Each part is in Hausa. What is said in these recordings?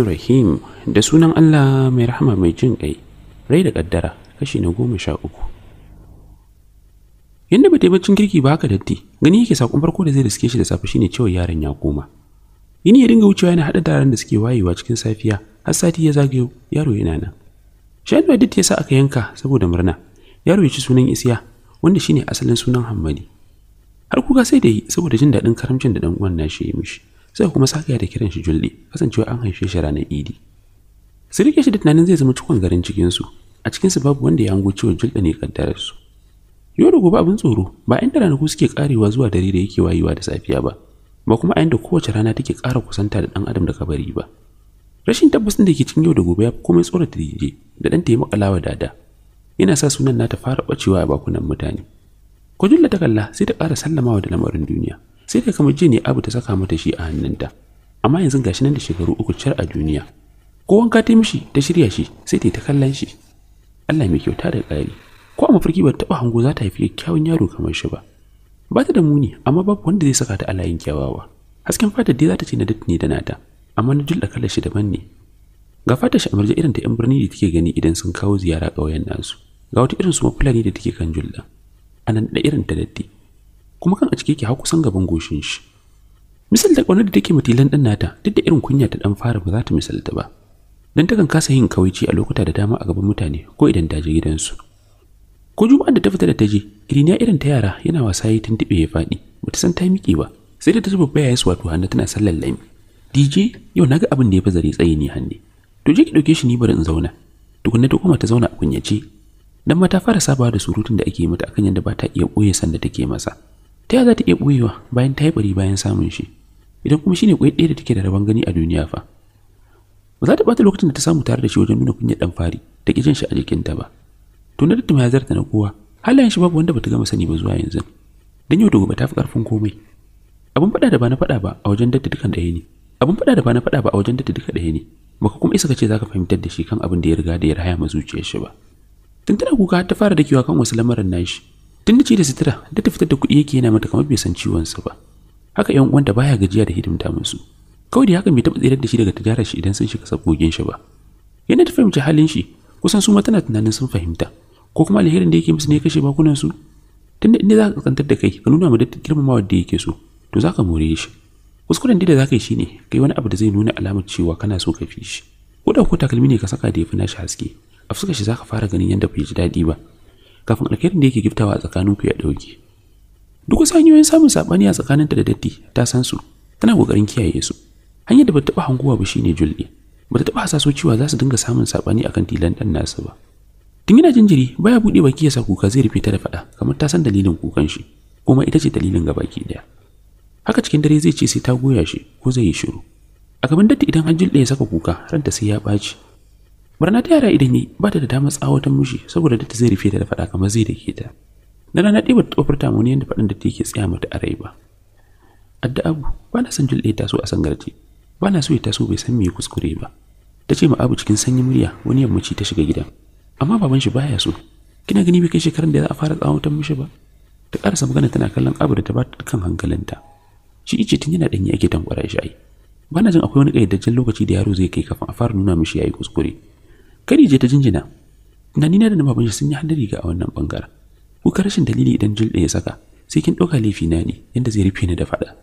rahim, da sunan Allah mai rahama mai jin ƙai, rai da ƙaddara kashi na goma sha uku. Yadda ba taimacin kirki ba haka datti, gani yake saƙon farko da zai riske shi da safe shine cewa yaron ya koma. Yini ya dinga wucewa yana haɗa taron da suke wayewa cikin safiya, har sati ya zagayo yaro yana nan. ya datti ya sa aka yanka saboda murna, yaro ya ci sunan Isiya wanda shine asalin sunan hammani har kuka sai da yi saboda jin daɗin karamcin da ɗan uwan nashi ya mishi sai kuma saka da kiran shi julɗe kasancewa an haife shi ranar idi su rike shi da tunanin zai zama cikon garin cikinsu a cikinsu babu wanda ya hango cewa julɗe ne su. yau da gobe abin tsoro ba inda ranaku suke karewa zuwa dare da yake wayewa da safiya ba ba kuma a inda kowace rana take ƙara kusanta da ɗan adam da kabari ba rashin tabbasin da ke cikin yau da gobe ya fi komai tsoron da da ɗan taimaka lawa dada yana sa sunan nata fara bacewa a bakunan mutane ko julla ta kalla sai ta ƙara sallamawa da lamarin duniya sai ta kama jini abu ta saka mata shi a hannunta amma yanzu gashi nan da shekaru uku cer a duniya ko wanka ta mishi ta shirya shi sai ta ta kallon shi Allah mai kyauta da ƙari ko a mafarki ba ta taɓa hango za ta haifi kyakkyawan yaro kamar shi ba ba ta da muni amma babu wanda zai saka ta a layin kyawawa hasken fatar dai za ta ce na datti ne da nata amma na julla kallon shi daban ne ga fata shamarja irin ta yan birni da take gani idan sun kawo ziyara ƙauyen nasu ga wata irin su fulani da take kan julla anan da irin ta datti kuma kan a cike ki har kusan gaban goshin shi misal da ƙaunar da take mutilan ɗan nata duk da irin kunya ta ɗan fara ba za ta misalta ba dan takan kasa yin kawaici a lokuta da dama a gaban mutane ko idan ta je gidansu ko juma'an da ta fita da ta je girinya irin ta yara yana wasa yi tuntuɓe ya faɗi bata san ta miƙe ba sai da ta zuba baya su wato hannu tana sallar lami dj yau naga abin da ya fi zare tsaye ne hannu to je ki dauke shi ni bari in zauna tukunna ta koma ta zauna a kunyace dan ma ta fara sabawa da surutun da ake mata akan yadda ba ta iya boye sanda take masa ta za ta iya boyewa bayan ta yi bari bayan samun shi idan kuma shine kwai ɗaya da take da rabon gani a duniya fa ba za ta bata lokacin da ta samu tare da shi wajen nuna kunyar dan fari da ki jin shi a jikinta ba to na dattima ya zarta na kowa halayen shi babu wanda bata gama sani ba zuwa yanzu dan yau da gobe ta fi karfin komai abun faɗa da ba na faɗa ba a wajen datta dukan ɗaya ne abun faɗa da ba na faɗa ba a wajen datta duka ɗaya ne baka kuma isa kace zaka fahimtar da shi kan abin da ya riga da ya raya ma zuciyar shi ba tun tana kuka ta fara dakewa kan wasu lamarin nashi tun da ce da sitira da ta fitar da kuɗi yake yana mata kamar bai san ciwon sa ba haka yan uwanta baya gajiya da hidimta musu kawai da hakan bai taɓa tsirar da shi daga tijarar shi idan sun shiga sabogin shi ba yana ta fahimci halin shi kusan su ma tana tunanin sun fahimta ko kuma alherin da yake musu ne kashe bakunan su tunda inda za ka kantar da kai ka nuna ma da girmamawa da yake so to za ka more shi kuskuren da za ka yi shine kai wani abu da zai nuna alamar cewa kana so ka fi shi ko da ko takalmi ne ka saka da yafi nashi haske a fuskar shi zaka fara ganin yadda bai ji daɗi ba kafin alkhairin da yake giftawa a tsakanin ku ya ɗauke duk wasu hanyoyin samun saɓani a ta da datti ta san su tana kokarin kiyaye su hanyar da bata taɓa hanguwa ba shine julɗe bata taɓa hasaso cewa za su dinga samun saɓani akan tilan ɗan nasu ba tun yana jinjiri baya buɗe baki ya sa kuka zai rufe ta da faɗa kamar ta san dalilin kukan shi kuma ita ce dalilin gabaki ɗaya haka cikin dare zai ce sai ta goya shi ko zai yi shiru a gaban datti idan an jilɗe ya saka kuka ranta sai ya ɓaci barna ta yara idan yi ba ta da damar ta mushi saboda datti zai rufe ta da faɗa kamar zai da ke ta na rana ɗaya bata tsofar ta muni yadda faɗin datti yake tsaya mata a rai ba adda abu ba na son julɗe so a sangarci ba na so ya taso bai san me kuskure ba ta ce ma abu cikin sanyi murya wani yammaci ta shiga gidan amma baban shi baya so kina gani bai kai shekaran da za a fara ta mushi ba ta karasa magana tana kallon abu da ta ba ta dukkan hankalinta shi ice tun yana danyi ake tankwara shi ai bana jin akwai wani kayyadaccen lokaci da yaro zai kai kafin a fara nuna mishi yayi kuskure kai je ta jinjina tunani na da na baban sun yi hadari ga a wannan bangaren kuka rashin dalili idan jul ya saka sai kin ɗauka laifi na ne yadda zai rufe ni da faɗa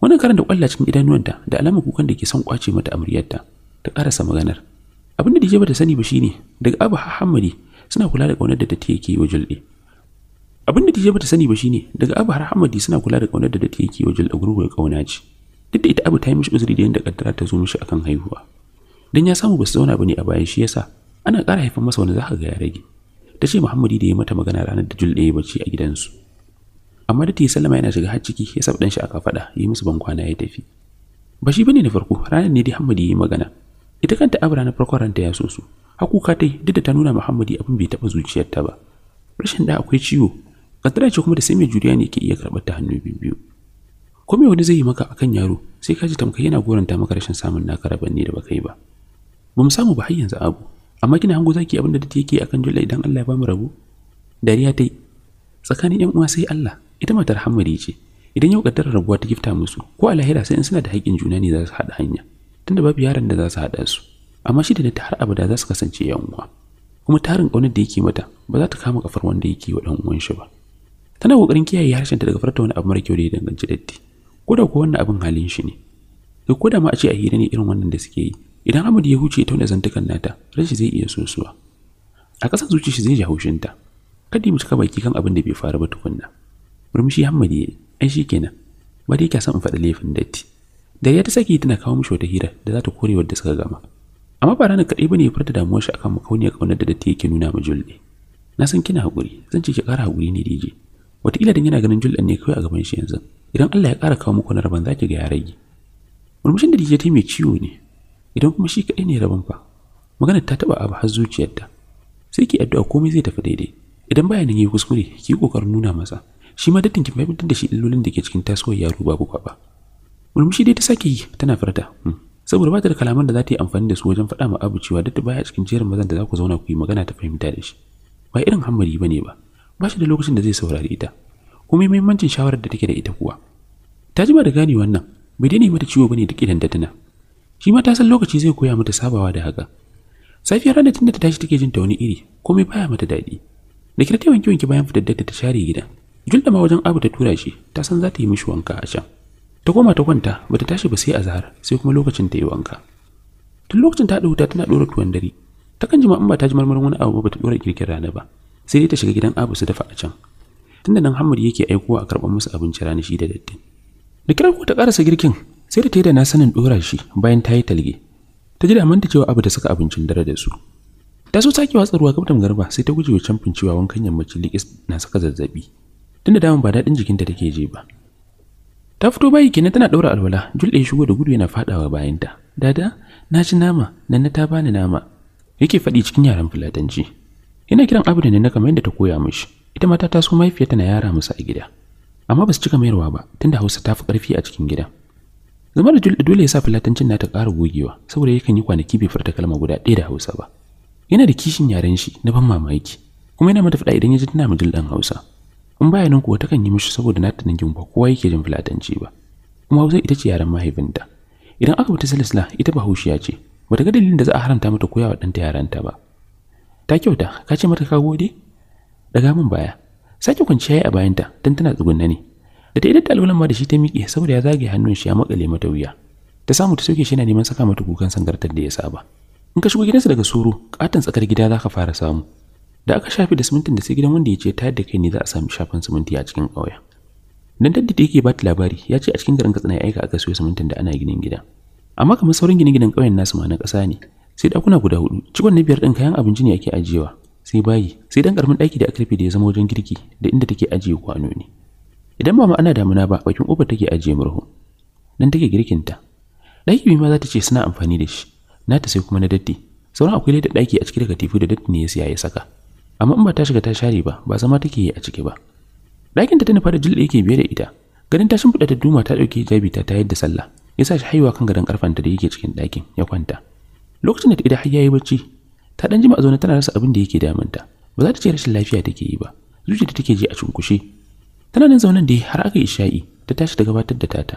wannan karan da kwalla cikin idanuwanta da alamar kukan da ke son kwace mata amaryarta ta karasa maganar abin da dije bata sani ba shine daga abu hammadi suna kula da ƙaunar da ta take yi wa abin da tije bata sani ba shine daga abu har hamadi suna kula da kaunar da datti yake wajen agurgo ya kauna ce duk da ita abu ta yi mishi uzuri da yadda kaddara ta zo mishi akan haihuwa dan ya samu basu zauna bane a bayan shi yasa ana ƙara haifan masa wani zaka ga ya rage ta ce muhammadi da ya mata magana ranar da jul ɗaya bacci a gidansu amma da ta yi sallama yana shiga har ciki ya ɗan shi aka faɗa yi musu ban kwana ya tafi ba shi bane na farko ranar ne dai hamadi ya yi magana ita kanta abu na farkon ranta ya so su hakuka ta yi duk da ta nuna muhammadi abin bai taɓa zuciyarta ba rashin da akwai ciwo kaddara ce kuma da sai mai juriya ne ke iya karɓar ta hannu biyu ko mai wani zai yi maka akan yaro sai ka ji tamkai yana goranta maka rashin samun naka rabon ne da baka yi ba ba mu samu ba har yanzu abu amma kina hango zaki abinda da take akan jula idan Allah ya ba mu rabo dariya tai tsakanin yan uwa sai Allah ita matar Hammadi ce idan yau kaddarar rabuwa ta gifta musu ko a lahira sai in suna da haƙƙin juna ne za su haɗa hanya tunda babu yaran da za su haɗa su amma shi da ta har abada za su kasance yan uwa kuma tarin ƙaunar da yake mata ba za ta kama kafar wanda yake wa ɗan uwan shi ba tana kokarin kiyaye harshen ta daga farta wani abu mara kyau da ya danganci datti ko da ko wannan abin halin shi ne Duk ko da ma a ce a hira ne irin wannan da suke yi idan Ahmad ya huce tauna zantukan nata rashi zai iya sosuwa a ƙasan zuci shi zai ji haushinta kada mu cika baki kan abin da bai faru ba tukunna murmushi Ahmad ya yi ai kenan ba dai kya san in faɗi laifin datti dariya ta saki tana kawo mishi wata hira da za ta kore wadda suka gama amma ba ranar kaɗai bane ya furta damuwar shi akan makauniyar ƙaunar da datti yake nuna ma Julde na san kina haƙuri zan ce ki ƙara haƙuri ne dije wataƙila dan yana ganin julɗan ne kawai a gaban shi yanzu idan Allah ya ƙara kawo muku na rabon za ki ga ya rage murmushin da dije ta mai ciwo ne idan kuma shi kaɗai ne rabon fa maganar ta taɓa abu har zuciyarta sai ki addu'a komai zai tafi daidai idan baya nan yayi kuskure ki yi ƙoƙarin nuna masa shi ma dattin ki fahimtar da shi illolin da ke cikin tasowar yaro babu kwaba murmushi dai ta sake yi tana farata. Hmm. saboda ba ta da kalaman da za ta yi amfani da su wajen faɗa ma abu cewa duk baya cikin jerin mazan da za ku zauna ku yi magana ta fahimta da shi ba irin hammari ba ne ba ba shi da lokacin da zai saurari ita kuma muhimmancin shawarar da take da ita kuwa ta jima da gane wannan bai daina mata ciwo bane da kidan da tana shi ma ta san lokaci zai koya mata sabawa da haka safiyar ranar tunda ta tashi take jin ta wani iri komai baya mata daɗi da kira ta wanke wanke bayan fitar da ta share gida. julda ma wajen abu ta tura shi ta san za ta yi mishi wanka a can ta koma ta kwanta bata tashi ba sai a zahar, sai kuma lokacin ta yi wanka tun lokacin ta haɗa wuta tana ɗora tuwon dare takan jima in ba ta ji marmarin wani abu ba ta ɗora kirkin rana ba sai dai ta shiga gidan abu su dafa a can tunda nan hamad yake aikowa a karɓar musu abinci rana shi da daddi da kiran ko ta karasa girkin sai da ta yi da na sanin ɗora shi bayan ta yi talge ta ji da manta cewa abu da saka abincin dare da su ta so sake watsa ruwa gabtan garba sai ta guje wa camfin cewa wankan yammaci likis na saka zazzabi tunda dama ba daɗin jikinta take je ba ta fito bayi kenan tana ɗaura alwala jul ya shigo da gudu yana faɗawa bayanta dada na ci nama nan na ta bani nama yake faɗi cikin yaren fulatanci yana kiran abu da na kamar yadda ta koya mishi ita matata ta taso mahaifiyarta na yara musu a gida amma ba su cika mayarwa ba tunda hausa ta fi ƙarfi a cikin gida. zama da julɗa dole ya sa filatancin ta ƙara gogewa saboda yakan yi kwanaki bai furta kalma guda ɗaya da hausa ba yana da kishin yaren shi na ban mamaki kuma yana mata faɗa idan ya ji tana mijin ɗan hausa in baya nan kuwa takan yi mishi saboda nata nan ba kowa yake jin filatanci ba kuma hausa ita ce yaren mahaifinta idan aka bata silisla ita bahaushiya ce ba ta ga dalilin da za a haramta mata koyawa ɗanta yaranta ba ta kyauta ka ce mata ka gode daga min baya sake kwanciya a bayanta don tana tsugunna ne da ta idan ta alwalan ma da shi ta miƙe saboda ya zage hannun shi ya makale mata wuya ta samu ta sauke shi yana neman saka mata kukan sangartar da ya saba in ka shigo gidansa daga suru, katon tsakar gida za ka fara samu da aka shafe da simintin da sai gidan wanda ya ce ta da kai ne za a sami shafan siminti a cikin ƙauyen dan daddi da yake ba ta labari ya ce a cikin garin katsina ya aika aka siyo simintin da ana ginin gida amma kamar sauran gine-ginen ƙauyen nasu ma na ƙasa ne sai dakuna guda hudu cikon na biyar din kayan abinci ne ake ajiyewa sai bayi sai dan karamin daki da aka rufe da ya zama wajen girki da inda take ajiye kwanoni idan ba ana damuna ba bakin kofar take ajiye murhu dan take girkin ta daki bi ma za ta ce suna amfani da shi na ta sai kuma na datti sauran akwai da daki a ciki katifu da datti ne ya siya ya saka amma in ba ta shiga ta share ba ba zama take yi a ciki ba dakin ta tana fara jilda yake biye da ita garin ta shimfiɗa ta duma ta ɗauki hijabi ta ta da sallah ya sa shi haihuwa kan gadon karfanta da yake cikin ɗakin ya kwanta lokacin da ita har yayi bacci ta dan jima a zaune tana rasa abin da yake damunta ba za ta ce rashin lafiya take yi ba zuciyarta take ji a cunkushe tana nan zaunen da har aka yi sha'i ta tashi da gabatar da tata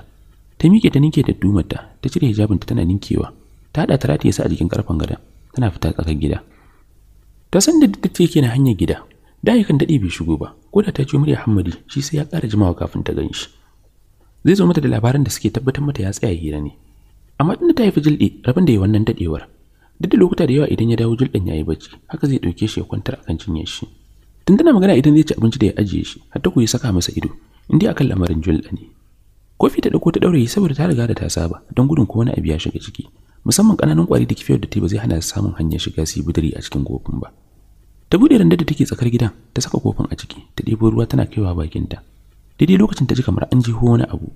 ta miƙe ta ninke da dumarta ta cire hijabinta tana ninkewa ta hada ta rataye sa a jikin karfan gadon tana fita tsakar gida ta san da duk take na hanyar gida da yakan daɗe bai shigo ba ko da ta ce murya hammadi shi sai ya ƙara jimawa kafin ta gan shi zai zo mata da labarin da suke tabbatar mata ya tsaya hira ne amma tunda ta haifi jilɗe rabin da ya wannan daɗewar duk da lokuta da yawa idan ya dawo jirgin ya yi bacci haka zai ɗauke shi ya kwantar akan cinyar shi tun tana magana idan zai ci abinci da ya ajiye shi har ta yi saka masa ido in dai akan lamarin jirgin ne kofi ta ɗauko ta ɗaure yi saboda ta riga da ta saba don gudun ko wani abu ya shiga ciki musamman ƙananan ƙwari da kifiyar da ta ba zai hana samun hanyar shiga su yi budiri a cikin kofin ba ta buɗe randa da take tsakar gidan ta saka kofin a ciki ta ɗebo ruwa tana kaiwa bakinta daidai lokacin ta ji kamar an jiho wani abu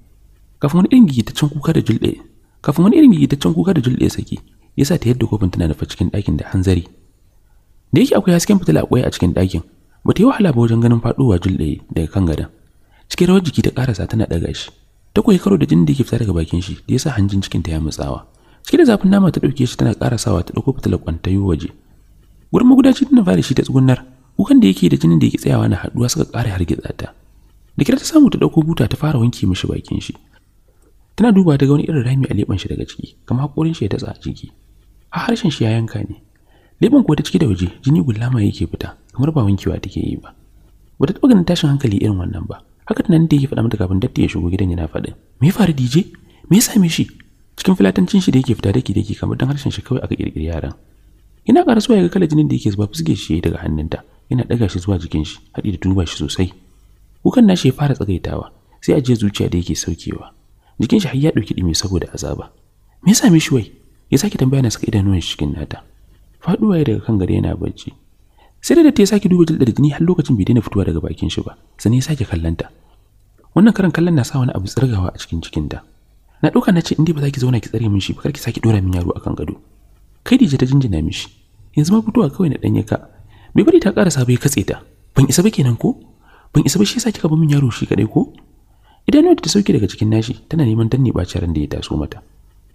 kafin wani irin gigitaccen kuka da kafin wani irin gigitaccen kuka da julɗe saki ya sa ta yadda kofin tana nufa cikin ɗakin da hanzari da yake akwai hasken fitila akwai a cikin ɗakin ba ta yi wahala ba wajen ganin faɗowa julɗe daga kan gadon cikin rawar jiki ta ƙarasa tana ɗaga shi ta koyi karo da jinin da yake fita daga bakin shi da ya sa hanjin cikin ta ya matsawa cikin da zafin nama ta ɗauke shi tana ƙarasawa ta ɗauko fitila fitilar yi waje gurin magudaci tana fara shi ta tsugunar, kukan da yake da jinin da yake tsayawa na haɗuwa suka ƙara hargitsa ta da kira ta samu ta ɗauko buta ta fara wanke mishi bakin shi tana duba ta wani irin rami a leɓan shi daga ciki kamar haƙorin shi ya tatsa a ciki a harshen shi ya yanka ne leɓen kuwa ta ciki da waje jini gullama yake fita kamar ba wankewa take yi ba bata taɓa ganin tashin hankali irin wannan ba haka tunanin da yake faɗa mata kafin datti ya shigo gidan yana faɗin me ya faru dj me ya same shi cikin filatancin shi da yake fita daki daki kamar dan harshen shi kawai aka kirkiri yaran ina ƙara suwa ga kalar jinin da yake zuba fuske shi daga hannunta yana ɗaga shi zuwa jikin shi haɗi da duba shi sosai kukan nashi ya fara tsagaitawa sai a je zuciya da yake saukewa jikin shi har ya ɗauki ɗumi saboda azaba me ya same shi wai ya sake tambaya na saka idanuwan shi cikin nata faduwa ya daga kan gare yana bacci sai da ta sake duba jildar jini har lokacin bai daina fitowa daga bakin shi ba sannan ya sake kallanta wannan karan kallon na sa wani abu tsirgawa a cikin cikinta na na ce in dai ba za ki zauna ki tsare min shi ba kar ki sake dora min yaro akan gado kai dije ta jinjina mishi yanzu ma fitowa kawai na ɗanye ka bai bari ta ƙarasa bai katse ta ban isa ba kenan ko ban isa ba shi yasa kika ba min yaro shi kadai ko wata ta sauke daga cikin nashi tana neman danne bacin ran da ya taso mata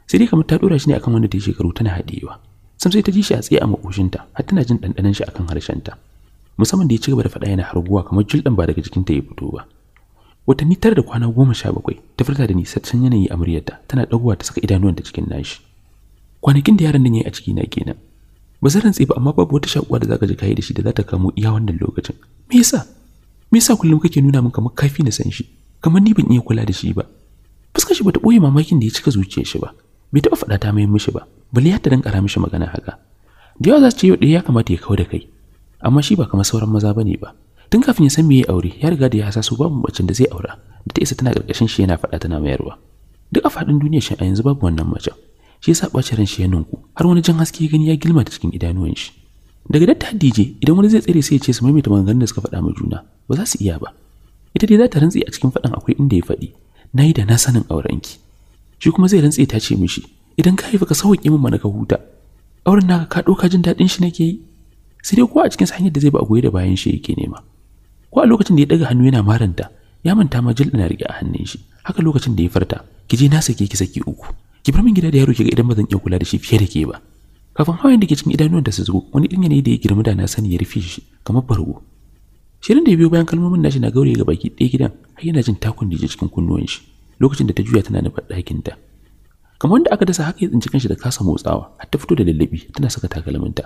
sai dai kamar ta dora shi ne akan wanda ta yi shekaru tana haɗewa sam sai ta ji shi a tsaye a makoshinta har tana jin ɗanɗanon shi akan ta. musamman da ya ci gaba da faɗa yana harguwa kamar julɗan ba daga jikinta ya fito ba watanni tara da kwana goma sha bakwai ta furta da nisaccen yanayi a muryarta tana ɗagowa ta saka idanuwan idanuwanta cikin nashi kwanakin da yaron nan ya yi a na kenan ba zan rantse ba amma babu wata shakuwa da zaka ji kai da shi da za ta kamo iya wannan lokacin me yasa me yasa kullum kake nuna min kamar kafi na san shi kamar ni ban iya kula da shi ba fuskar shi bata boye mamakin da ya cika zuciyar shi ba bai taɓa faɗa ta mai mishi ba bali ya ta ƙara mishi magana haka da yawa za su ce yau ya kamata ya kawo da kai amma shi ba kamar sauran maza ba ne ba tun kafin ya san me ya aure ya riga da ya hasa su babu macen da zai aura da ta isa tana karkashin shi yana faɗa tana mayarwa duk a faɗin duniya shi a yanzu babu wannan macen shi ya yasa ɓacin ran shi ya nunku har wani jan haske gani ya gilma da cikin idanuwan shi daga datta hadije idan wani zai tsere sai ya ce su maimaita maganganun da suka faɗa ma juna ba za su iya ba ita dai za ta rantsi a cikin faɗan akwai inda ya faɗi na yi da na sanin aurenki shi kuma zai rantse ta ce mishi idan ka haifa ka sauke min mana ka huta auren naka ka doka jin daɗin shi nake yi sai dai ko a cikin hanyar da zai ba a goyi da bayan shi yake nema ko a lokacin da ya daga hannu yana maranta ya manta ma jil na riƙe a hannun shi haka lokacin da ya farta ki je na sake ki saki uku ki bar min gida da yaro ki ga idan ba zan iya kula da shi fiye da ke ba kafin hawayen da ke cikin idanuwan da su zo wani din yanayi da ya girma da na sani ya rufe shi kamar bargo shirin da ya biyo bayan kalmomin nashi na gaure ga baki ɗaya gidan har yana jin takun da cikin kunnuwan shi lokacin da ta juya tana nufar ɗakinta kamar wanda aka dasa haka ya tsinci kanshi da kasa motsawa har ta fito da lallabi tana saka takalminta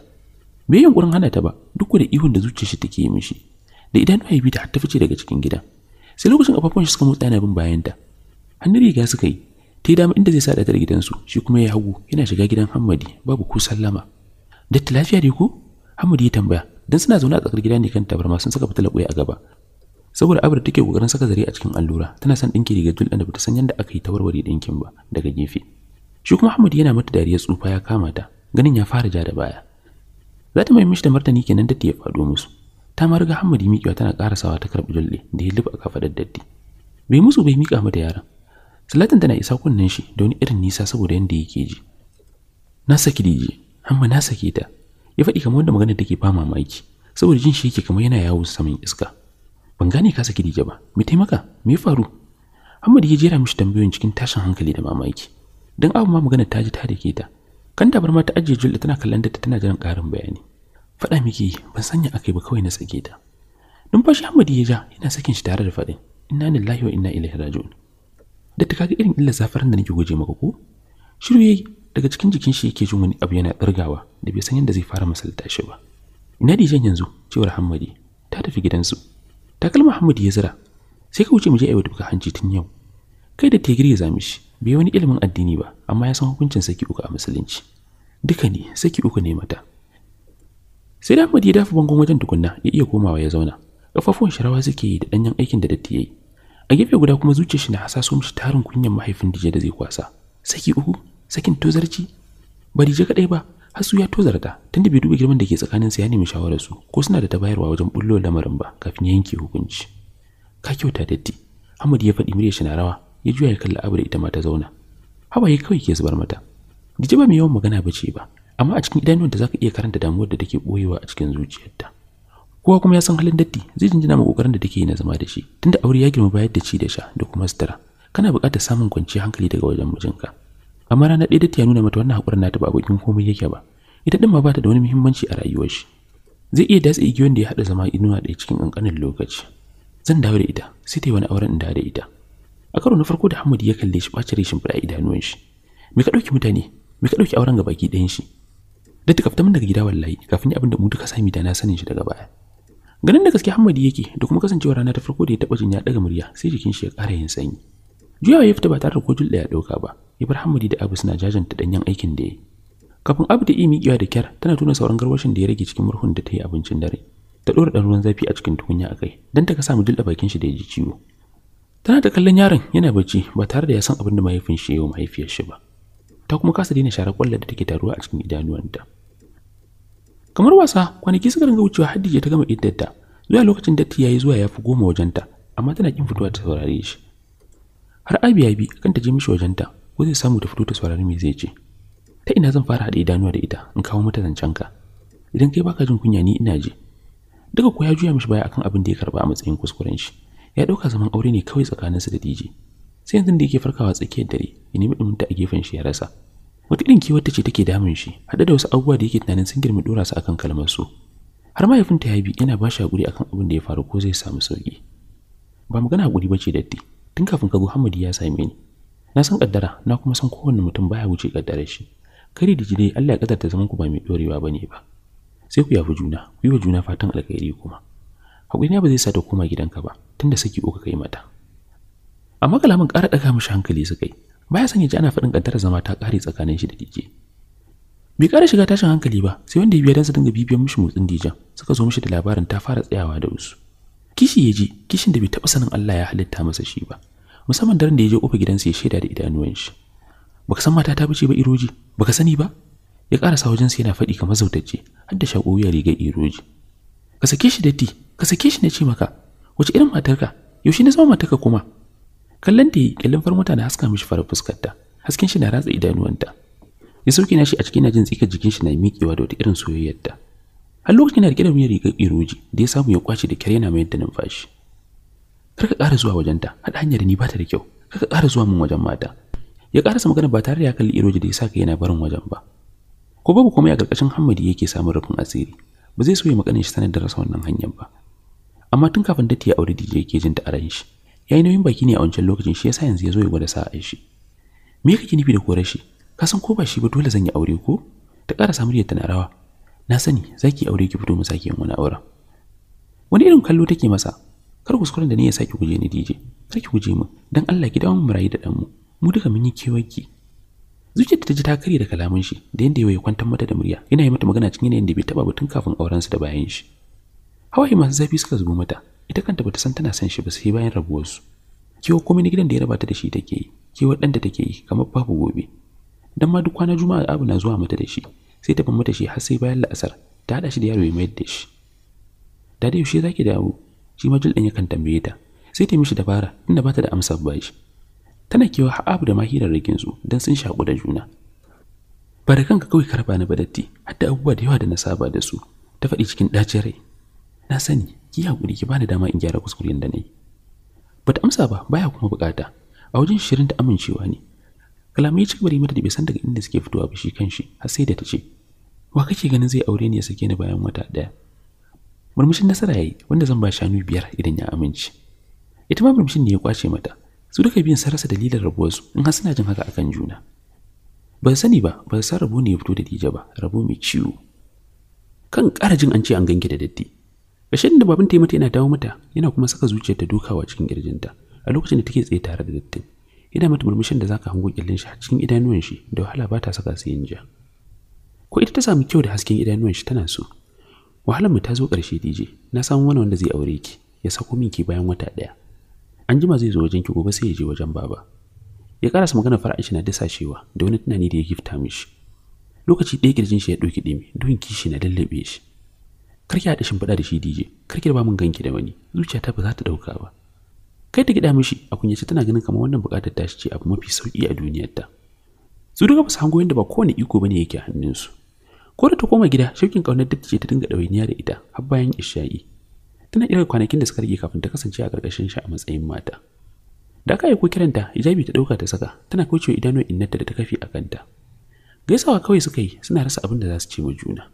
bai yunkurin hana ta ba duk da ihun da zuciyar shi take yi mishi da idan ya bi ta har ta fice daga cikin gidan sai lokacin kafafun shi suka motsa yana bin bayanta hannun riga suka yi ta yi dama inda zai sada ta da gidansu shi kuma ya hagu yana shiga gidan hammadi babu ko sallama datti lafiya ne ko hammadi ya tambaya don suna zaune a tsakar gida ne kan tabarma sun saka fitila ɓoye a gaba saboda abu da take kokarin saka zare a cikin allura tana son dinki riga tul da bata san yadda aka yi ta warware dinkin ba daga gefe shi kuma Ahmad yana mata dariya tsufa ya kama ta ganin ya fara ja da baya za ta mai mishi da martani kenan datti ya faɗo musu ta ma riga Ahmad yi miƙewa tana karasawa ta karbi dalle da ya lufa kafadar datti bai musu bai miƙa mata yaran Salatin tana isa kunnen shi da wani irin nisa saboda yanda yake ji na saki dije amma na sake ta ya faɗi kamar wanda magana take fama maki saboda jin shi yake kamar yana yawo saman iska ban gane ka saki ba me taimaka me ya faru Ahmad ya jera mishi tambayoyin cikin tashin hankali da mamaki dan abu ma magana ta ji ta dake ta kan da barma ta ajiye julda tana kallon ta tana jiran karin bayani faɗa miki ban sanya akai ba kawai na sake ta numfashi Ahmad ya ja yana sakin shi tare da faɗin inna lillahi wa inna ilaihi raji'un da ta kaga irin illa zafarin da nake guje maka ko shiru yayi daga cikin jikin shi yake jin wani abu yana tsirgawa da bai san yadda zai fara masalta shi ba. Ina dijan yanzu, cewar Hammadi, ta tafi gidansu. takalma Muhammad ya zira sai ka wuce mu je aiwatu baka tun yau kai da tegiri ya zame shi bai wani ilimin addini ba amma ya san hukuncin saki uku a musulunci duka ne saki uku ne mata sai da Ahmad ya dafa bangon wajen tukunna ya iya komawa ya zauna kafafuwan sharawa suke yi da danyen aikin da datti yayi a gefe guda kuma zuciyar shi na hasaso mishi tarin kunyan mahaifin dije da zai kwasa saki uku sakin tozarci ba dije kadai ba Hasu ya tozarta tunda bai duba girman da ke tsakanin su ya nemi shawarar su ko suna da tabayarwa wajen bullo lamarin ba kafin ya yanke hukunci. Ka kyauta datti. Ahmad ya faɗi muryar shi na rawa ya juya ya kalli Abu da ita ma ta zauna. ya kawai ke zubar mata. Dije ba mai yawan magana ba ce ba amma a cikin idanuwan da zaka iya karanta damuwar da take boyewa a cikin zuciyarta. Kowa kuma ya san halin datti zai jinjina ma kokarin da take yi na zama da shi tunda aure ya girma bayar da ci da sha da kuma sutura. Kana buƙatar samun kwanciyar hankali daga wajen mijinka. amma rana ɗaya ta nuna mata wannan haƙurin nata ba abokin komai yake ba ita ɗin ma ba ta da wani muhimmanci a rayuwar shi zai iya datsa igiyon da ya haɗa zama inuwa ɗaya cikin ƙanƙanin lokaci zan dawo da ita sai ta yi wani auren in da ita a karo na farko da Hamad ya kalle shi ɓacin rashin fura idanuwan shi me ka ɗauki mutane me ka ɗauki auren ga baki ɗayan shi da ta kafta min daga gida wallahi kafin abin da mu duka sami da na sanin shi daga baya ganin da gaske Hamadi yake da kuma kasancewa rana ta farko da ya taba jin ya daga murya sai jikin shi ya ƙara yin sanyi juyawa ya fita ba tare da ko jul ya dauka ba Ibar da Abu suna jajanta danyen aikin da ya yi. Kafin Abu da Imi kiwa da kyar tana tuna sauran garwashin da ya rage cikin murhun da ta yi abincin dare. Ta ɗora ɗan ruwan zafi a cikin tukunya a kai don ta ka samu mu bakin shi da ya ji ciwo. Tana ta kallon yaron yana bacci ba tare da ya san abin da mahaifin shi ya mahaifiyar shi ba. Ta kuma kasa daina share kwallon da take taruwa a cikin idanuwanta. Kamar wasa kwanaki suka ringa wucewa Hadiza ta gama iddarta, zuwa lokacin datti yayi zuwa ya fi goma wajenta amma tana kin fitowa ta saurare shi. har abi ya bi kan ta je mishi wajenta ko zai samu ta fito ta saurari me zai ce ta ina zan fara haɗe idanuwa da ita in kawo mata zancen ka idan kai baka jin kunya ni ina ji duka ko ya juya mishi baya akan abin da ya karba a matsayin kuskuren shi ya ɗauka zaman aure ne kawai tsakanin su da DJ sai yanzu da yake farkawa tsakiyar dare ya nemi ta a gefen shi ya rasa wata irin kewar ta ce take damun shi haɗe da wasu abubuwa da yake tunanin sun girma dora su akan kalmar su har mahaifinta ya bi yana ba shi haƙuri akan abin da ya faru ko zai samu sauƙi ba magana haƙuri ba ce datti tun kafin ka zo Hamadu ya same ni na san kaddara na kuma san kowanne mutum baya wuce kaddarar shi kari da jide Allah ya kaddarta zaman ku ba mai dorewa bane ba sai ku yafi juna ku yi wa juna fatan alkhairi kuma hakuri ba zai sa ta koma gidanka ba tunda saki uku kai mata amma kalamin ƙara daga mishi hankali su kai, baya san ya ji ana faɗin kaddarar zama ta ƙare tsakanin shi da dije bai ƙara shiga tashin hankali ba sai wanda ya biya dan su dinga bibiyan mishi motsin dijan suka zo mishi da labarin ta fara tsayawa da wasu kishi ya ji kishin da bai taɓa sanin Allah ya halitta masa shi ba musamman daren da ya je kofar gidansa ya shaida da idanuwan shi baka san mata ta bace ba iroji baka sani ba ya karasa wajensa yana faɗi kamar zautacce har da shaƙo ya rigar iroji ka sake shi datti ka sake shi na ce maka wace irin matarka yaushe na zama ka kuma kallon da kyallin far mutane haska mishi farar fuskarta hasken shi na ratsa idanuwanta ya sauke na shi a cikin jin tsikar jikin shi na miƙewa da wata irin ta har lokacin da rike da miyar rigar iroji da ya samu ya kwace da kyar yana mayar da numfashi kar ka ƙara zuwa wajenta haɗa hanyar ni ba ta da kyau kar ka ƙara zuwa min wajen mata ya ƙarasa magana ba tare da ya kalli iroji da ya sa ka yana barin wajen ba ko babu komai a ƙarƙashin hammadi yake samun rufin asiri ba zai so ya magana shi sanar da rasa wannan hanyar ba amma tun kafin datti ya aure ya yake jin ta shi, ya yi nauyin baki ne a wancan lokacin shi yasa yanzu ya zo ya gwada sa'a shi me kake nufi da korar shi ka san ko ba shi ba dole zan yi aure ko ta ƙara samun yadda na rawa na sani zaki aure ki fito mu sake yin wani auren wani irin kallo take masa kar ku da ni ya saki guje ni dije kar ki guje min dan Allah ki dawo mu rayu da dan mu mu duka mun yi kewarki zuciyar ta ji ta kare da kalaman shi da yanda ya kwantar mata da murya yana yi mata magana cikin yanayin da bai taba batun kafin auren su da bayan shi hawaye masu zafi suka zubo mata ita kanta bata san tana son shi ba sai bayan rabuwar su kiwo komai na gidan da ya raba ta da shi take yi kiwo dan da take yi kamar babu gobe dan ma duk kwana juma'a abu na zuwa mata da shi sai ta mata shi har sai bayan la'asar ta hada shi da yaro mai mayar da shi da da yaushe zaki dawo shi ma ɗin yakan tambaye ta sai ta mishi dabara inda ba ta da amsar bashi tana kewa ha'abu da mahira rigin su dan sun shaku da juna ba kanka kawai karba na badatti har da abubuwa da yawa da na saba da su ta faɗi cikin ɗacin rai na sani ki hakuri ki bani dama in gyara kuskuren da na yi ba ta amsa ba baya kuma bukata a wajen shirin ta amincewa ne kalamai ci gaba da mata da bai san daga inda suke fitowa ba shi kanshi har sai da ta ce wa kake ganin zai aure ni ya sake ni bayan wata ɗaya murmushin nasara yayi wanda zan ba shanu biyar idan ya amince ita ma murmushin ne ya kwace mata su duka biyun sun rasa dalilin rabuwarsu in har suna jin haka akan juna ba sani ba ba san rabu ne ya fito da dija ba rabu mai ciwo kan ƙara jin an ce an ganke da datti rashin da babin ta mata yana dawo mata yana kuma saka zuciyar ta dukawa cikin kirjinta a lokacin da take tsaye tare da dattin yana mata murmushin da zaka hango killin shi a cikin idanuwan shi da wahala ba ta saka su yin jiya. ko ita ta samu kyau da hasken idanuwan shi tana so wahalar mu ta zo ƙarshe DJ na samu wani wanda zai aure ki ya sako min ki bayan wata ɗaya an jima zai zo wajen ki gobe sai ya je wajen baba ya karasa magana fara'ashi na dasashewa da wani tunani da ya gifta mishi lokaci ɗaya kirjin shi ya ɗauki ɗimi duhun kishi na lallabe shi karki haɗa shimfiɗa da shi DJ ki ba mun ganki da wani Zuciya ba za ta ɗauka ba kai ta gida mishi a kunyace tana ganin kamar wannan buƙatar ta ce abu mafi sauki a duniyarta su duka ba su hango yadda ba kowane iko bane yake hannunsu ko da ta koma gida shaukin ƙaunar duk ce ta dinga ɗawainiya da ita har bayan isha'i tana irin kwanakin da suka rage kafin ta kasance a ƙarƙashin shi a matsayin mata da aka yi aiko kiranta hijabi ta ɗauka ta saka tana kaucewa idanu innarta da ta kafi a kanta gaisawa kawai suka yi suna rasa abin da za su ce wa juna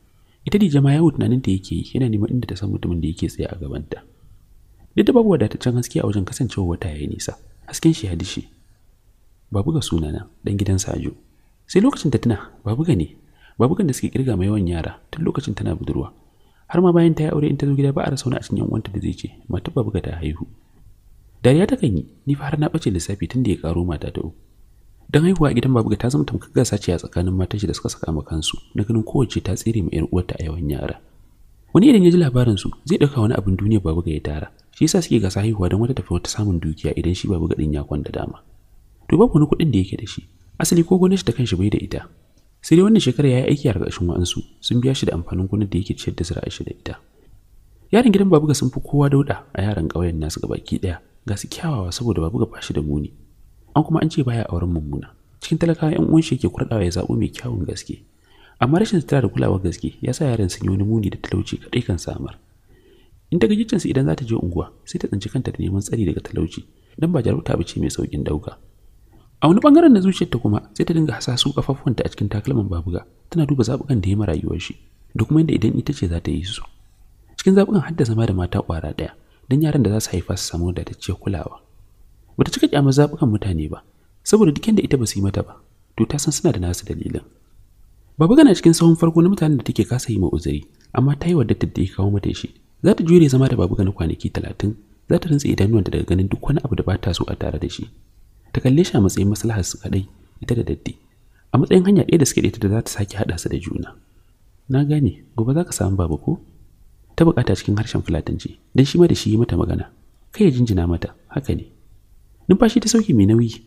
ita dija ma yawo tunanin ta yake yi yana neman inda ta san mutumin da yake tsaye a gabanta duk da babu wadataccen haske a wajen kasancewa wata yayi nisa hasken shi ya dishe babu ga sunana dan gidan sajo sai lokacin ta tuna babu ga ne babukan da suke kirga mai yawan yara tun lokacin tana budurwa har ma bayan ta yi aure in ta zo gida ba a rasa wani a cikin yan da zai ce mata babuka ta haihu dariya ta kan yi ni fa har na bace lissafi tun da ya karo mata ta uku dan haihuwa a gidan babuka ta zama tamkar gasa ce a tsakanin matan shi da suka saka ma kansu na ganin kowace ta tsire ma yar uwarta a yawan yara wani idan ya ji labarin su zai dauka wani abin duniya babuga ya tara shi yasa suke gasa haihuwa don wata tafi wata samun dukiya idan shi babuga din ya kwanta dama to babu wani kuɗin da yake da shi asali ko gonar shi da kanshi bai da ita sai dai wannan shekarar ya yi aiki a ƙarƙashin wa'ansu sun biya shi da amfanin gonar da yake ciyar da zira shi da ita yaran gidan babuga sun fi kowa dauda a yaran ƙauyen nasu gabaki ɗaya ga su kyawawa saboda babuga ba shi da muni an kuma an ce baya auren mummuna cikin talakawa yan uwan shi yake kurɗawa ya zaɓo mai kyawun gaske amma rashin sutura da kulawar gaske ya sa yaran sun yi wani muni da talauci kaɗai kan samar in ta gajicin su idan za ta je unguwa sai ta tsinci kanta da neman tsari daga talauci dan ba jarauta bace mai saukin dauka a wani bangaren na zuciyarta kuma sai ta dinga hasasu kafafuwanta a cikin takalman babuga tana duba zabukan da ya ma rayuwar shi da kuma yadda idan ita ce za ta yi su cikin zabukan har da zama da mata kwara daya don yaran da za su haifa su samu da ta ce kulawa bata cika kyamar zabukan mutane ba saboda duk da ita ba su yi mata ba to ta san suna da nasu dalilin babuga na cikin sahun farko na mutanen da take kasa yi ma uzuri amma ta yi wadda da ya kawo mata shi za ta jure zama da babuga na kwanaki talatin za ta rintsa idanuwanta daga ganin duk wani abu da ba ta so a tare da shi ta kalle shi a matsayin maslahar su kadai ita da daddi a matsayin hanya ɗaya da suke da ita da za ta sake haɗa su da juna na gane gobe za ka samu babu ko ta bukata cikin harshen fulatanci dan shi ma da shi yi mata magana kai ya jinjina mata haka ne numfashi ta sauki mai nauyi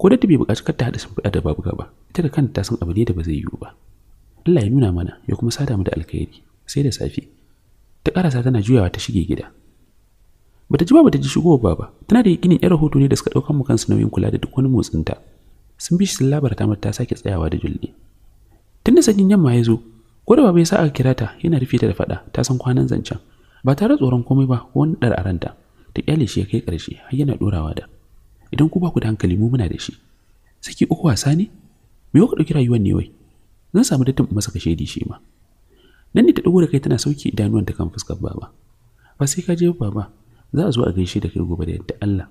ko da ta bai bukaci kar ta haɗa shimfiɗa da babu gaba ita da kanta ta san abu ne da ba zai yiwu ba Allah ya nuna mana ya kuma sada mu da alkhairi sai da safe ta karasa tana juyawa ta shige gida bata ji ba bata ji shigo ba tana da yakinin yan rahoto ne da suka ɗaukan mu kansu nauyin kula da duk wani motsinta sun bi shi sun labarta mata ta sake tsayawa da julli da sanyin yamma ya zo ko da baba ya sa aka kira ta yana rufe ta da faɗa ta san kwanan zancen ba tare tsoron komai ba ko wani ɗar aranta ta kyale shi ya kai ƙarshe har yana ɗorawa da idan ku ba ku da hankali mu muna da shi saki uku wasa ne me ka ɗauki rayuwar ne wai zan samu dattin masa kashe di shi ma nan ne ta ɗago da kai tana sauke idanuwan ta kan fuskar baba ba sai ka je baba za a zo a gaishe da kai gobe da yadda Allah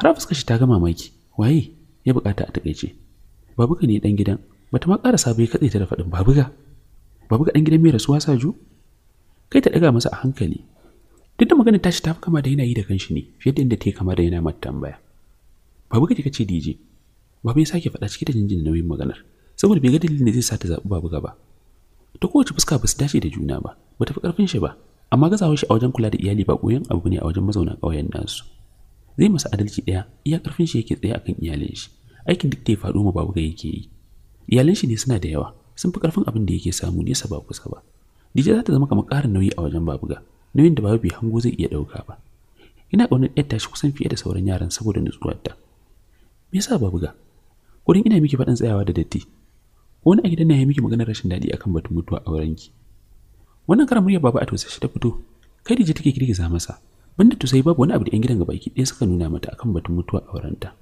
har fuskar shi ta ga mamaki waye ya bukata a takaice babuga ne dan gidan bata ma karasa bai katse ta da fadin babuga babuga dan gidan mai rasuwa saju kai ta daga masa a hankali duk da magana tashi ta fi kama da yana yi da kanshi ne fiye da inda ta yi kama da yana mata tambaya babuga kika ce DJ babu ya sake faɗa cike da jinjin nauyin maganar saboda bai ga dalilin da zai sa ta zaɓi babuga ba ta kowace fuska ba su dace da juna ba bata fi ƙarfin shi ba amma gazawar shi a wajen kula da iyali ba koyon abu ne a wajen mazauna ƙauyen nasu zai masa adalci ɗaya iya ƙarfin shi yake tsaye akan iyalin shi aikin duk da ya faɗo ma babu ga yake yi Iyalin shi ne suna da yawa sun fi ƙarfin abin da yake samu nesa ba kusa ba Dija za ta zama kamar ƙarin nauyi a wajen ga nauyin da babu bai hango zai iya ɗauka ba ina ƙaunar ɗaya tashi kusan fiye da sauran yaran saboda nutsuwarta me yasa babuga kurin ina miki faɗin tsayawa da datti wani a gidan na ya miki maganar rashin daɗi akan batun mutuwa a wurinki wannan karan murya baba a shi ta fito kai da ji take girgiza masa banda to sai babu wani abu da yan gidan gaba ɗaya suka nuna mata akan batun mutuwa a aurenta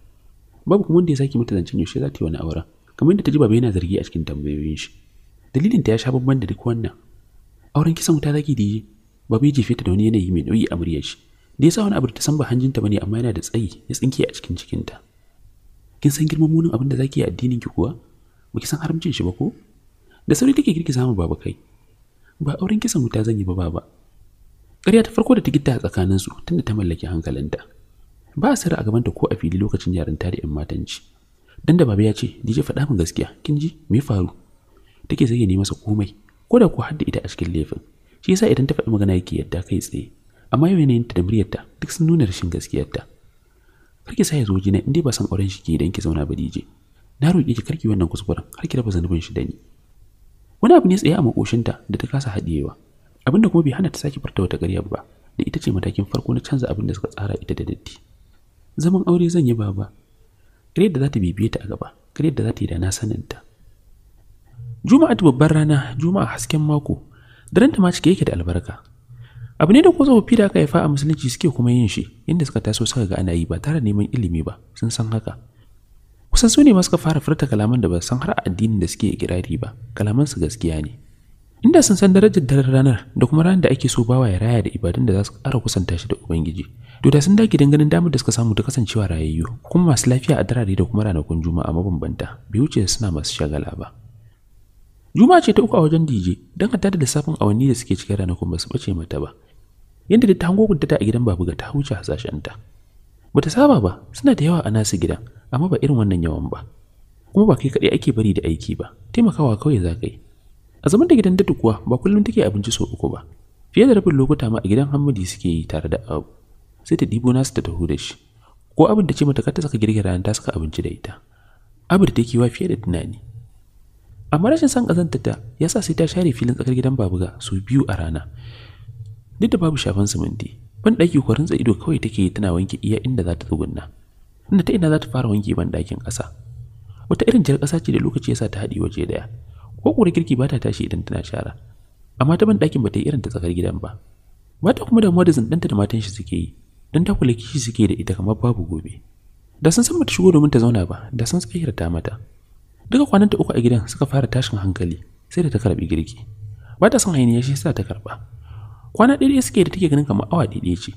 babu kuma wanda ya saki mata zancen yaushe za ta yi wani auren kamar yadda ta ji baba yana zargi a cikin tambayoyin shi dalilin ta ya sha babban da duk wannan auren kisan wuta zaki yi. babu ya jefe ta da wani yanayi mai nauyi a muryar shi da ya sa wani abu da ta san ba hanjinta bane amma yana da tsayi ya tsinke a cikin cikinta kin san girman munin abin da zaki yi addinin ki kuwa ba ki san haramcin shi ba ko da sauri take girgiza mu baba kai ba auren kisan wuta zan yi ba ba. ƙarya ta farko da ta gidda a tsakaninsu tunda ta mallaki hankalinta ba a sirra a gaban ta ko a fili lokacin yarinta da yan matanci dan da baba ya ce dije faɗa min gaskiya kin ji me faru take nemi masa komai ko da ko hadda ita a cikin laifin shi yasa idan ta faɗi magana yake yadda kai tsaye amma yau ta da muryarta duk sun nuna rashin gaskiyarta karki sa ya zo jina in ba san auren shi ke idan ki zauna ba dije na roƙe ki karki wannan kuskuren har ki raba zanubin shi da ni wani abu ne tsaye a makoshinta da ta kasa haɗiyewa abinda kuma bai hana ta sake furta wata ƙaryar ba da ita ce matakin farko na canza abin da suka tsara ita da datti zaman aure zan yi baba kare da za ta bibiye ta a gaba kare da za ta yi da na ta juma'a ta babbar rana juma'a hasken mako daren ta ma cike yake da albarka abu ne da ko tsofaffi da aka haifa a musulunci suke kuma yin shi inda suka taso suka ga ana yi ba tare neman ilimi ba sun san haka kusan su ne masu fara furta kalaman da ba san har addinin da suke kirari ba kalaman su gaskiya ne inda sun san darajar daren ranar da kuma ranar da ake so ba ya raya da ibadun da za su ƙara kusanta shi da ubangiji to da sun dage ganin damar da suka samu ta kasancewa rayayyu kuma masu lafiya a darare da kuma ranakun juma'a mabambanta bai wuce suna masu shagala ba Juma'a ce ta uku a wajen DJ don hatta da lissafin awanni da suke cikin ranakun ba su bace mata ba. Yadda da ta hango ta a gidan babu ga ta huce hasashenta. Bata saba ba, suna da yawa a nasu gidan, amma ba irin wannan yawan ba kuma ba kai kaɗai ake bari da aiki ba taimakawa kawai za ka yi a zaman da gidan dadu kuwa ba kullum take abinci sau uku ba fiye da rabin lokuta ma a gidan hamadi suke yi tare da abu sai ta ɗibo nasu ta taho da shi ko abin da ce mata kar ta saka girgira ta saka abinci da ita abu da take wa fiye da tunani amma rashin san kazanta ya sa sai ta share filin tsakar gidan babuga su biyu a rana duk da babu shafan siminti ban ɗaki kwarin ido kawai take tana wanke iya inda za ta tsugunna inda ta ina za ta fara wanke ban dakin ƙasa wata irin jar ƙasa ce da lokaci yasa ta haɗi waje daya ko ƙura girki ba ta tashi idan tana shara amma ta ban dakin ba ta yi irin ta tsakar gidan ba ba ta kuma damuwa da zindanta da matan shi suke yi don ta kula kishi suke da ita kamar babu gobe da sun san bata shigo domin ta zauna ba da sun tsayarta mata duka kwananta uku a gidan suka fara tashin hankali sai da ta karbi girki ba ta son hainiya shi sa ta karba kwana ɗaya suke da take ganin kamar awa ɗaya ce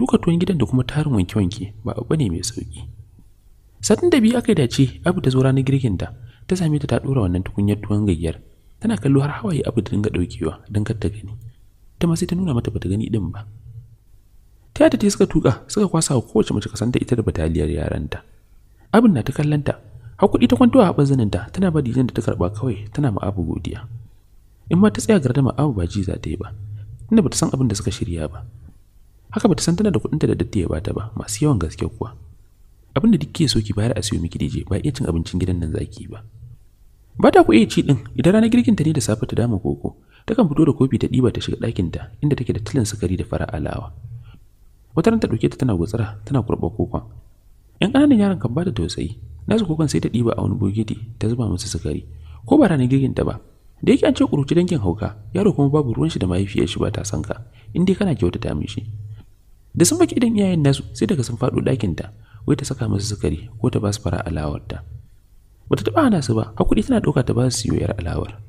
duka tuwon gidan da kuma tarin wanke-wanke ba abu ne mai sauki satin da biyu aka dace abu ta zo ranar girkin ta ta same ta ta dora wannan tukunyar tuwon gayyar tana kallo har hawaye abu da dinga daukewa don kar ta gani ta ma sai ta nuna mata bata gani din ba ta yadda ta suka tuka suka kwasa wa kowace mace kasanta ita da bataliyar ta abin na ta kallanta har kuɗi ta kwanto a haɓar zaninta tana ba dijin da ta karɓa kawai tana ma abu godiya in ma ta tsaya gardama abu ba ji za ta yi ba tunda bata san abin da suka shirya ba haka bata san tana da kuɗinta da datti ya bata ba masu yawan gaske kuwa abinda duk ke so ki bayar a siyo miki dije ba iya cin abincin gidan nan zaki ba ba ta ku iya ci din idan ranar girkin ta ne da safe ta dama koko takan fito da kofi ta diba ta shiga ɗakin ta inda take da tilin sukari da fara alawa wata ta ɗauke ta tana gutsara tana kurɓa kokon yan ƙananan yaron kan ba ta tausayi nasu kokon sai ta ɗiba a wani bokiti ta zuba musu sukari ko ba ranar girkin ta ba da yake an ce kuruci dangin hauka yaro kuma babu ruwan shi da mahaifiyar shi ba ta san ka in dai kana kyautata mishi da sun baki idan iyayen nasu sai daga sun faɗo ta wai ta saka musu sukari ko ta ba su fara alawarta ba ta taɓa hana su ba kuɗi tana ɗauka ta ba su siyo yar alawar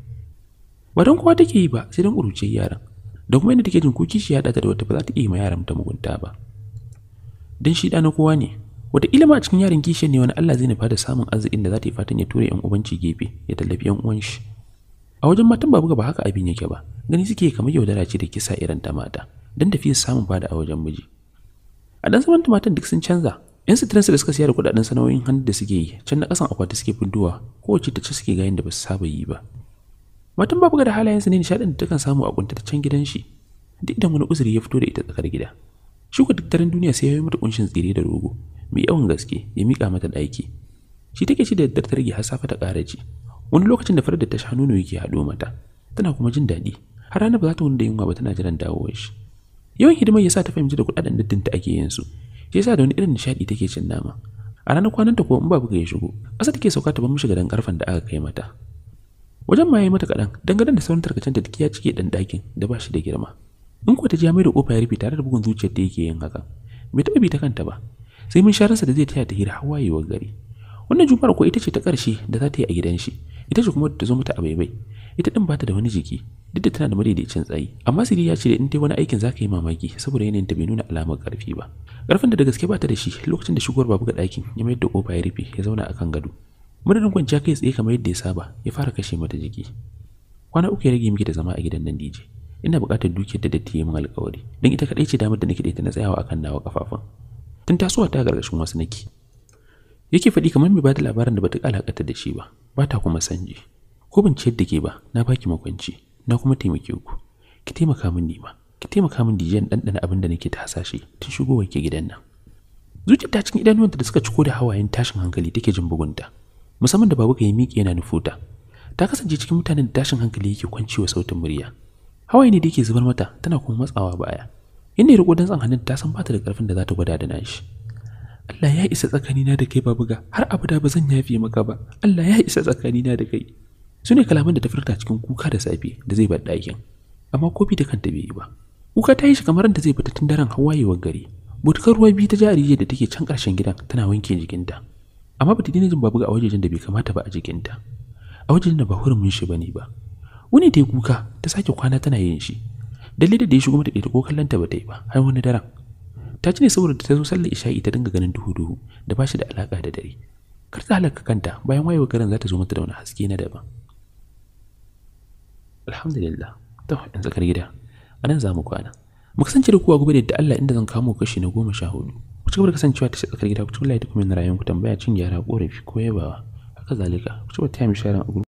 ba don kowa take yi ba sai don uruce yaran da kuma yadda take jin ko kishi ya ɗata da wata ba za ta iya ma yaran ta mugunta ba don shi na kowa ne wata ilima a cikin yaran kishiyar ne wani Allah zai nufa da samun arzikin da za ta yi fatan ya tura yan ubanci gefe ya tallafi yan uwan shi a wajen matan babu ba haka abin yake ba gani suke kamar yaudara ce da kisa irin ta mata don tafiyar samun bada a wajen miji a dan zaman tumatir duk sun canza yan suturansu da suka siya da kudaden sanayoyin hannu da suke yi can na kasan akwati suke fintowa kowace ta ci suke gayin da ba su saba yi ba matan babu ga da halayensu ne nishadin da takan samu a kuntataccen gidan shi duk idan wani uzuri ya fito da ita tsakar gida shuka ko daren duniya sai ya yi mata kunshin tsire da rogo mai yawan gaske ya mika mata ɗaki shi take ci da daddar ta rage har safata ta ci wani lokacin da farar da ta sha nono yake haɗo mata tana kuma jin daɗi har ranar ba za ta wani yunwa ba tana jiran dawowar shi yawan hidimar yasa ta fahimci da kuɗaɗen dattin ta ake yin su shi yasa da wani irin nishaɗi take cin nama a ranar kwanan ta kuwa in babu ya shigo ƙasa take sauka ta bar mishi gadan karfan da aka kai mata wajen ma yayi mata kaɗan dangane da sauran tarkacen da ya cike ɗan ɗakin da ba shi da girma in kuwa ta ji mai da kofa ya rufe tare da bugun zuciyar da yake yin haka bai taɓa bi ta kanta ba sai mun sharansa da zai taya ta hira hawayewar gari wannan juma'ar ko ita ce ta karshe da za ta yi a gidan shi ita ce kuma ta zo mata a baibai ita ɗin ba ta da wani jiki duk da tana da madaidaicin tsayi amma siri ya ce da in ta wani aikin zaka yi mamaki saboda yanayin ta bai nuna alamar karfi ba karfin da da gaske ba ta da shi lokacin da shigowar babu ga ɗakin ya mayar da kofa ya rufe ya zauna akan gado madadin kwanciya kai tsaye kamar yadda ya saba ya fara kashe mata jiki kwana uku ya rage miki da zama a gidan nan DJ ina buƙatar dukiyar da datti ya min alƙawari don ita kaɗai ce damar da nake da ita na tsayawa akan nawa kafafun tun tasowa ta gargashin wasu naki yake faɗi kamar mai bada labarin da bata da shi ba ba ta kuma sanje ko ban ciyar da ke ba na baki makwanci na kuma taimake ku ki taimaka min nima ki taimaka min dijen ɗanɗana abin da nake ta hasashe tun shigowar ki gidan nan zuciyar ta cikin idanuwanta da suka ciko da hawayen tashin hankali take jin bugunta musamman da babu ya miƙe yana nufuta ta kasance cikin mutanen da tashin hankali yake kwancewa sautin murya hawaye ne da yake zubar mata tana kuma matsawa baya inda ya riko dantsan hannun ta san bata da ƙarfin da za ta gwada da nashi Allah ya isa tsakanina da kai babuga har abada ba zan yafe maka ba Allah ya isa tsakanina da kai su ne kalaman da ta furta cikin kuka da safe da zai bar ɗakin amma kofi da kanta bai yi ba kuka ta yi shi kamar da zai fita tun daren hawayewar gari butukar ruwa biyu ta jaririyar da take can ƙarshen gidan tana wanke jikinta amma ba ta jin babu a wajejen da bai kamata ba a jikinta a wajejen da ba hurumin shi bane ba wani ta yi kuka ta sake kwana tana yin shi dalilin da ya shigo mata ta ko kallonta ba ta yi ba har wani daren ta ci ne saboda ta zo sallar isha'i ta dinga ganin duhu-duhu da ba shi da alaƙa da dare kar ta halaka kanta bayan wayewar garin za ta zo mata da wani haske na daban alhamdulillah to yanzu kar gida a nan za mu kwana mu kasance da kowa gobe da Allah inda zan kawo kashi na goma sha hudu ku ci gaba da kasancewa ta tsakar gida ku tulla ta kuma rayuwar ku tambaya cin gyara korafi ko yabawa haka zalika ku ci gaba ta mi sharan